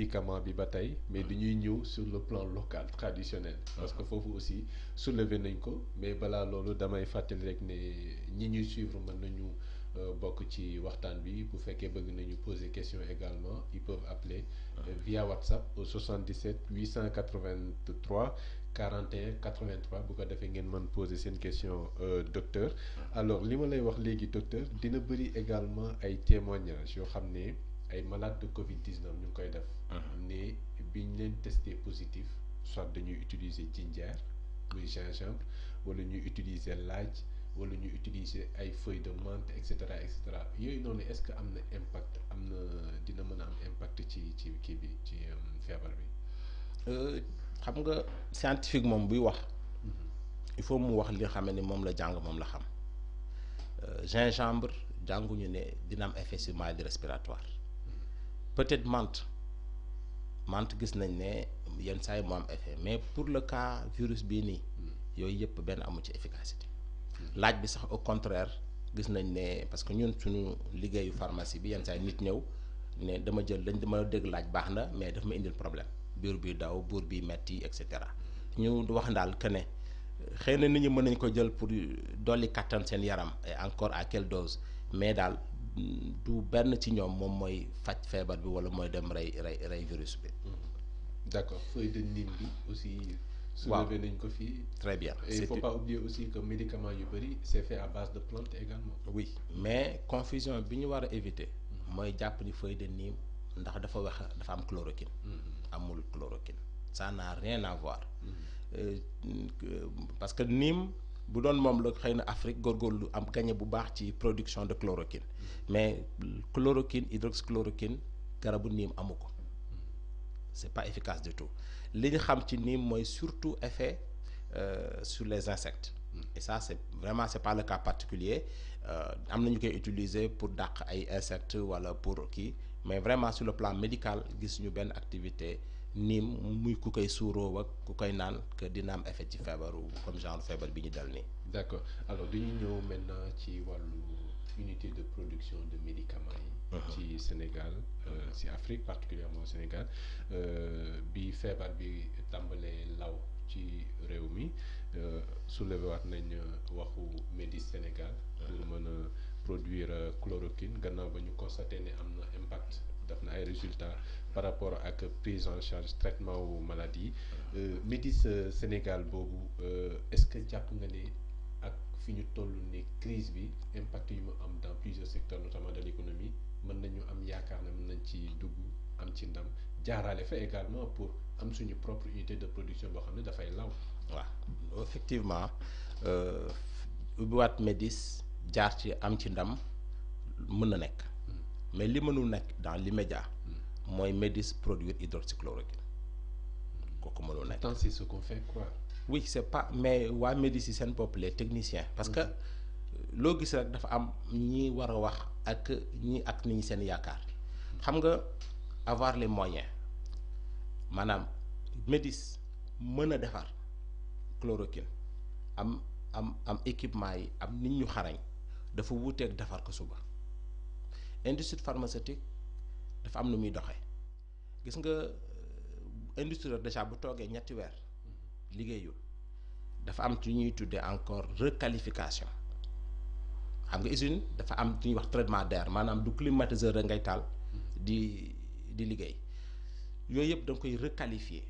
médicament bi ba tey mais ñuy ñëw sur le plan local traditionnel parce que foofu aussi soulever nañ ko mais balaa loolu damay fàttali rek ne ñi ñuy suivre mën nañu euh, bokk ci waxtaan bi bu fekkee bëgg nañu poser question également ils peuvent appeler euh, ah. via WhatsApp au 77 883 41 83 bu ko defee ngeen man poser seen question euh, docteur alors li ma lay wax léegi docteur dina bëri également ay témoignages yoo xam ne ay malades de Covid 19 ñu ngi koy def. Mhm. ne biñ leen teste positif soit dañuy utiliser jinjeer muy gingembre wala ñuy utiliser laaj wala ñuy utiliser ay feuilles de menthe et cetera et cetera yooyu noonu est ce que am na impact am na dina mën a am impact ci ci kii bi ci euh, feebar bi. Euh, xam nga scientifique moom buy wax. Mhm. il faut mu wax li nga xam ne moom la jàng moom la xam euh, gingembre jànguñu ne dina am ay sur maladie respiratoire. peut-être mante mante gis nañ ne yenn saa yi mu am effet mais pour le cas virus bii nii yooyu yëpp benn amu ci efficacité laaj bi sax au contraire gis nañ ne parce que ñun suñu liggéeyu pharmacie bi yenn saa yi nit ñëw ne dama jël lañ dama dégg laaj baax na mais daf ma indil problème biir bi daw buur bi metti et cetera ñu wax daal que xëy na nit ñu mën nañ ko jël pour dolli kattan seen yaram et encore a quelle dose mais daal du benn ci ñoom moom mooy faj feebar bi wala mooy dem rey rey rey virus bi. Mm-hmm. d'accord feuille de bi aussi. su soulevé nañ ko fii. très bien et il faut pas oublier aussi que médicaments yu bëri c'est fait à base de plantes également. oui mais confusion bi ñu war a éviter. Mm-hmm. mooy jàpp ni feuille de Nîmes ndax dafa wax dafa am chloroquine. Mm-hmm. amul chloroquine saa n'a rien à voir. Euh, parce bu doon moom la xëy na Afrique lu am gañe bu baax ci production de chloroquine mais chloroquine hydroxychloroquine garabu niim amu ko c'est pas efficace du tout li ñu xam ci niim mooy surtout effet euh, sur les insectes et ça c'est vraiment c'est pas le cas particulier euh, am na ñu koy utiliser pour dàq ay insectes wala pour kii mais vraiment sur le plan médical gis ñu benn activité niim muy ku koy suuroo ak ku koy naan que dina am effet ci feebaru comme genre feebar bi ñu dal nii. d' accord alors dañuy ñëw maintenant ci wàllu unité de production de médicaments yi. Uh-huh. ci Sénégal euh, ci Afrique particulièrement Sénégal euh, bi feebar bi tàmbalee law ci réew mi euh, soulevé waat wax produire :fra euh, chloroquine :fra gannaaw ba ñu constater :fra ne am na impact :fra na ay résultats par rapport :fra ak prise :fra en :fra charge :fra traitement :fra maladie :fra euh, euh, Sénégal boobu %e est ce que :fra jàpp nga ne ak fi ñu toll ni crise bi impact yu mu am dans :fra plusieurs :fra secteurs :fra de :fra mën nañu am yaakaar ne mën nañ ci dugg am ci ndam jaarale fa également pour am suñu propre unité de :fra production boo xam ne dafay law waaw effectivement :fra Médis jaar ci am ci ndam mën na nekk mais li mënul nekk dans li média mooy Médis produire hydroxychloroquine kooku mënul nekk. tant c'est ce qu'on fait quoi. mais waa Médis yi seen bopp technicien parce que euh, loo gis rek dafa am ñi war a wax ak ñi ak ni ñu seen yaakaar xam nga avoir moyen maanaam Médis mën a defar chloroquine am am am équipement yi am nit ñu xarañ. dafa wuuteeg defar ko suba industrie pharmaceutique dafa am nu muy doxee gis nga euh, industrie déjà bu toogee ñetti weer liggéeyul dafa am ci ñuy tuddee encore requalification xam nga usine dafa am ci ñuy wax traitement der maanaam du climatiseur rek ngay taal di di liggéey yooyu yëpp da koy requalifier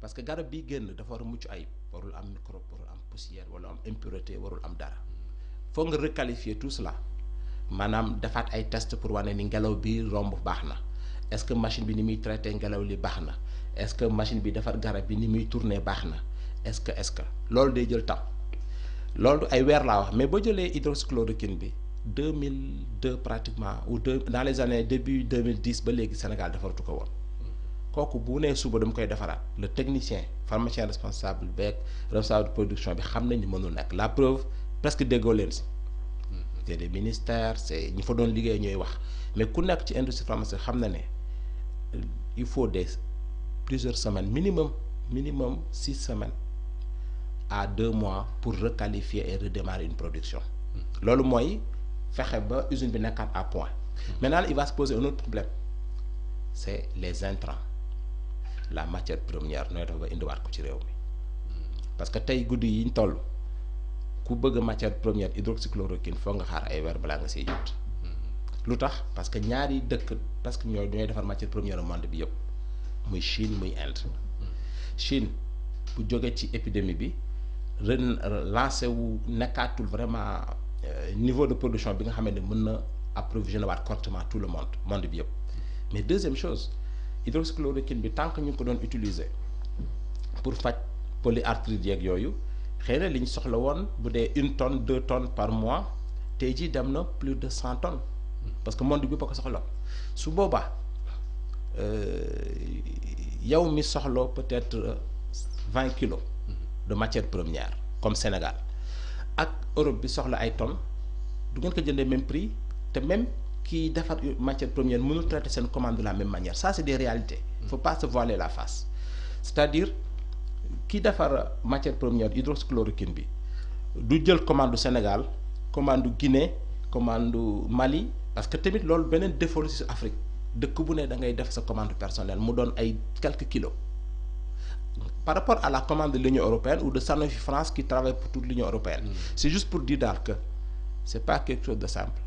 parce que garab bi génn dafa war a mucc ayib warul am microbe warul am poussière wala am impureté warul am dara foog nga requalifier tout cela maanaam defaat ay test pour ne ni ngelaw bi romb baax na est-ce que machine bi ni muy traité ngelaw li baax na est que machine bi defar garab bi ni muy tourner baax na est-ce que loolu day jël temps loolu ay weer laa wax mais ba jëlee hydroxychloroquine bi mille 2002 pratiquement ou deux dans les années début dis ba léegi Sénégal defaratu ko woon kooku bu nee suba dama koy defaraat le technicien pharmacien responsable beeg responsable de production bi xam nañu mënul nekk la preuve presque déggoo leen si mm-hmm. c'est des ministères c'est ñi fa doon liggéey ñooy wax mais ku nekk ci industrie pharmaceutique xam na ne euh, il faut des plusieurs semaines minimum minimum six semaines à deux mois pour requalifier et redémarrer production mm-hmm. loolu mooy fexe ba usine bi nekkaat à point mm-hmm. maintenant il va se poser un autre problème c'est les intrants la matière première nooy def ba indiwaat ko ci réew mi parce que tey guddi yi ñu toll ku bëgg matière première hydroxychloroquine foog nga xaar ay weer balaa nga see jot hmm. lu tax parce que ñaari dëkk parce que ñooy ñooy defar matière première monde bi yëpp muy Chine muy Inde hmm. Chine bu jógee ci épidémie bi ren lancé wu nekkaatul vraiment euh, niveau de production bi nga xam ne mën na approvisionner waat correctement tout le monde monde bi yëpp mais deuxième chose hydroxychloroquine bi tant que ñu ko doon utiliser pour faj polyarthrite yeeg yooyu. xëy na li ñu soxla woon bu dee une tonne deux tonnes par mois tey jii dem na plus de cent tonnes parce que monde bi ba ko soxla su boobaa euh, yow mi soxla peut-être vingt kilo de matière première comme Sénégal ak Europe bi soxla ay tonnes du ngeen ko jëndee même prix te même kiy defar matière première mënul traiter seen commande de la même manière ça c'est des réalités. il faut pas la face c'est-à-dire. ki defar matière première hydroxychloroquine bi du jël commande Sénégal commande Guinée commande Mali parce que tamit loolu beneen défaut la ci Afrique dëkk bu ne da ngay def sa commande personnelle mu doon ay quelques kilos par rapport à la commande de l'Union européenne ou de Sanofi France qui travaille pour toute l'Union européenne. Mmh. c'est juste pour dire daal que c'est pas quelque chose de simple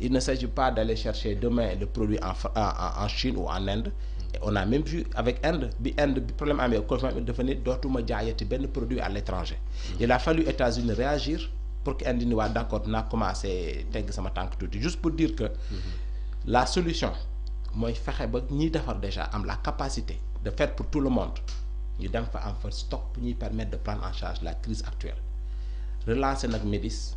il ne s'agit pas d'aller chercher demain le produit en en en Chine ou en Inde. on a même vu avec Inde bi Inde bi problème amee confinement dafa ne dootuma jaayati benn produit à l'étranger il a fallu États-Unis réagir pour que Inde ni waa d'accord naa commencé tegg sama tànk tuuti juste pour dire que la solution mooy fexe ba ñiy defar déjà am la capacité de faire pour tout le monde ñu dem fa am fa stock bu ñuy permettre de prendre en charge la crise actuelle relancer nag Médis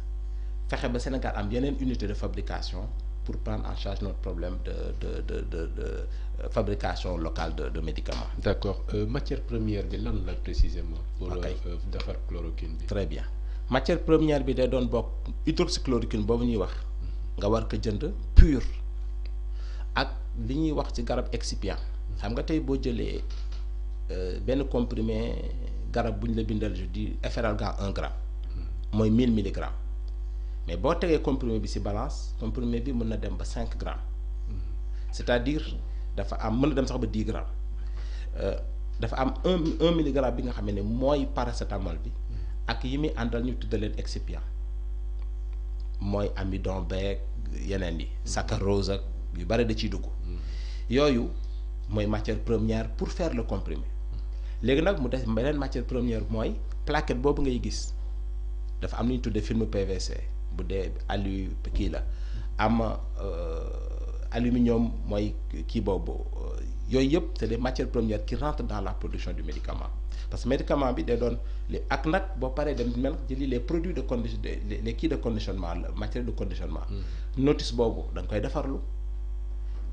fexe ba Sénégal am yeneen unité de fabrication pour prendre en charge notre problème de de de de de euh, fabrication locale de de médicaments. d' euh, matière première bi lan la précisément. pour euh, defar chloroquine bi. très bien matière première bi day doon bokk hydroxychloroquine boobu ñuy wax mhm. nga war ko jënd pur ak li ñuy wax ci garab excipient xam nga tey boo jëlee benn comprimé garab bu ñu la bindal je dis efferalgan un gramme mhm. mooy 1000 milligrammes. mais boo tegee comprimé bi ci balance comprimé bi mën na dem ba cinq grammes c'est-à-dire dafa am mën na dem sax ba dix grammes euh, dafa am un un milligramme bi nga xam ne mooy paracétamol bi ak yi muy àndal ñu tuddee leen excipient mooy amidon beeg yeneen yi saccharose ak yu bari da ciy dugg yooyu mooy matière première pour fair le comprimé léegi nag mu des beneen matière première mooy plaquette boobu ngay gis dafa am lu ñu tuddee film PVC. bu dee alu kii la am euh, aluminium mooy kii boobu euh, yooyu yëpp c'est des matière premières qui rentrent dans la production du médicament parce que médicament bi day doon li ak nag boo paree dem mel jëli les produits de condition les kii de conditionnement la matière de conditionnement hmm. notice boobu da nga koy defarlu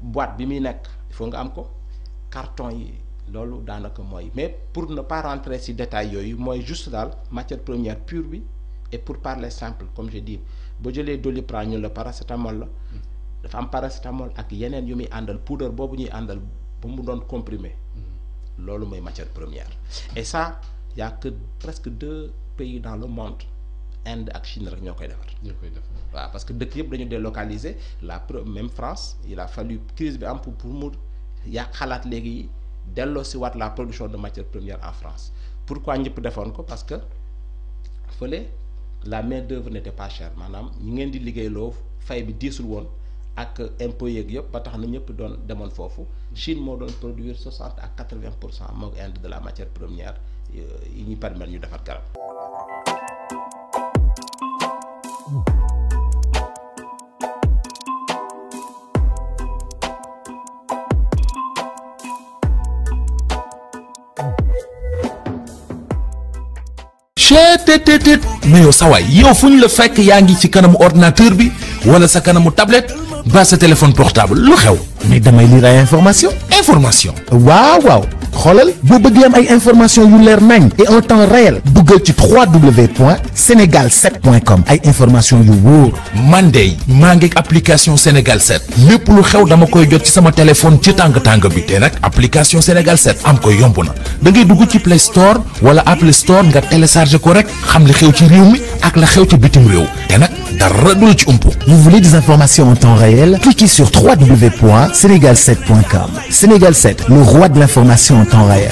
boîte bi muy nekk foo nga am ko carton yi loolu daanaka mooy mais pour ne pas rentrer ci détail yooyu mooy juste daal matière première pure bi et pour parler simple comme je dis boo jëlee Doliprane ñun la paracétamol la dafa am paracétamol ak yeneen yu muy àndal poudre boobu ñuy àndal ba mu doon comprimé loolu mooy matière première et ça y a presque deux pays dans le monde Inde ak Chine rek ñoo koy defar. ñoo koy defar waaw parce que dëkk yëpp dañu délocaliser la preuve même France il a fallu crise bi am pour pour mu yaa xalaat léegi delloo si waat la production de matière première en France pourquoi ñëpp defoon ko parce que fële. la mais d'œuvre n'était pas chère maanaam ñu ngeen di liggéeyloo fay bi diisul woon ak impôts yeeg yëpp ba tax na ñëpp doon demoon foofu Chine moo doon produire soixante à quatre vingt pour cent moog Inde de la matière première euh, yi ñuy permettre ñu defar garab. tët tët tët mais yow sa yow fu ñu la fekk yaa ngi ci kanamu ordinateur bi wala sa kanamu tablette ba sa téléphone portable lu xew mais damay lire ay information information waaw waaw xoolal boo bëggee am ay information yu leer nañ et en temps réel duggal ci www.senegal7.com ay information yu woor man de maa ngi application Sénégal 7 lépp lu xew dama koy jot ci sama téléphone ci tàng tàng bi te nag application Sénégal 7 am ko yomb na da ngay dugg ci Play Store wala Apple Store nga télécharge ko rek xam li xew ci réew mi ak la xew ci bitim réew te nag dara du la ci umpu. Vous voulez des informations en temps réel? Cliquez sur www.senegal7.com Sénégal 7, le roi de en temps réel